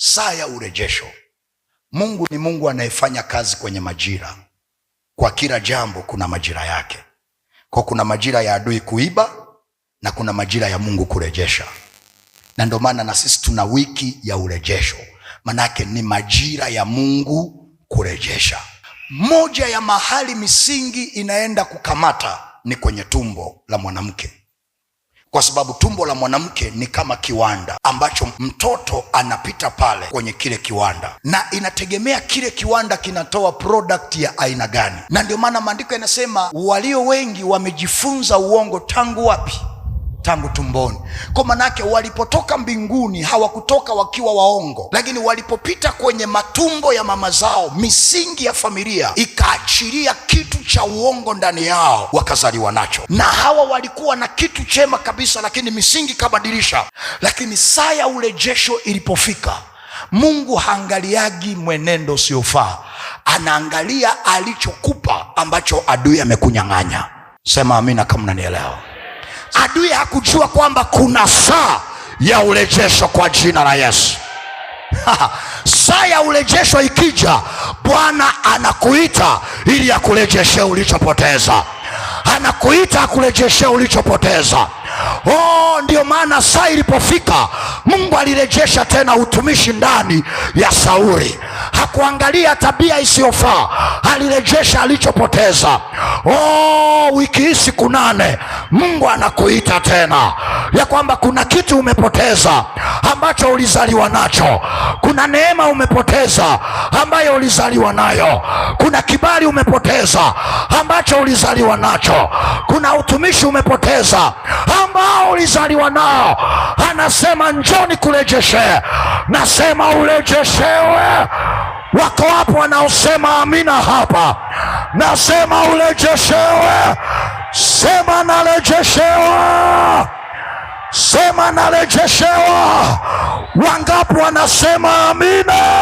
saa ya urejesho. Mungu ni Mungu anayefanya kazi kwenye majira. Kwa kila jambo kuna majira yake, kwa kuna majira ya adui kuiba na kuna majira ya Mungu kurejesha, na ndio maana na sisi tuna wiki ya urejesho, manake ni majira ya Mungu kurejesha. Moja ya mahali misingi inaenda kukamata ni kwenye tumbo la mwanamke kwa sababu tumbo la mwanamke ni kama kiwanda ambacho mtoto anapita pale kwenye kile kiwanda, na inategemea kile kiwanda kinatoa product ya aina gani. Na ndio maana maandiko yanasema walio wengi wamejifunza uongo tangu wapi? tangu tumboni. Kwa manake walipotoka mbinguni hawakutoka wakiwa waongo, lakini walipopita kwenye matumbo ya mama zao, misingi ya familia ikaachilia kitu cha uongo ndani yao, wakazaliwa nacho. Na hawa walikuwa na kitu chema kabisa, lakini misingi kama Lakini saa ya urejesho ilipofika, Mungu haangaliagi mwenendo usiofaa, anaangalia alichokupa ambacho adui amekunyang'anya. Sema amina kama unanielewa adui hakujua kwamba kuna saa ya urejesho kwa jina la Yesu. saa ya urejesho ikija, Bwana anakuita ili akurejeshe ulichopoteza, anakuita akurejeshe ulichopoteza. Oh, ndiyo maana saa ilipofika Mungu alirejesha tena utumishi ndani ya Sauli. Hakuangalia tabia isiyofaa, alirejesha alichopoteza. Oh, wiki hii siku nane Mungu anakuita tena, ya kwamba kuna kitu umepoteza ambacho ulizaliwa nacho, kuna neema umepoteza ambayo ulizaliwa nayo, kuna kibali umepoteza ambacho ulizaliwa nacho, kuna utumishi umepoteza ambao ulizaliwa nao. Anasema njoni kurejeshee, nasema urejeshewe. Wako wapo wanaosema amina hapa, nasema urejeshewe. Sema narejeshewa, sema narejeshewa. Wangapi wanasema amina?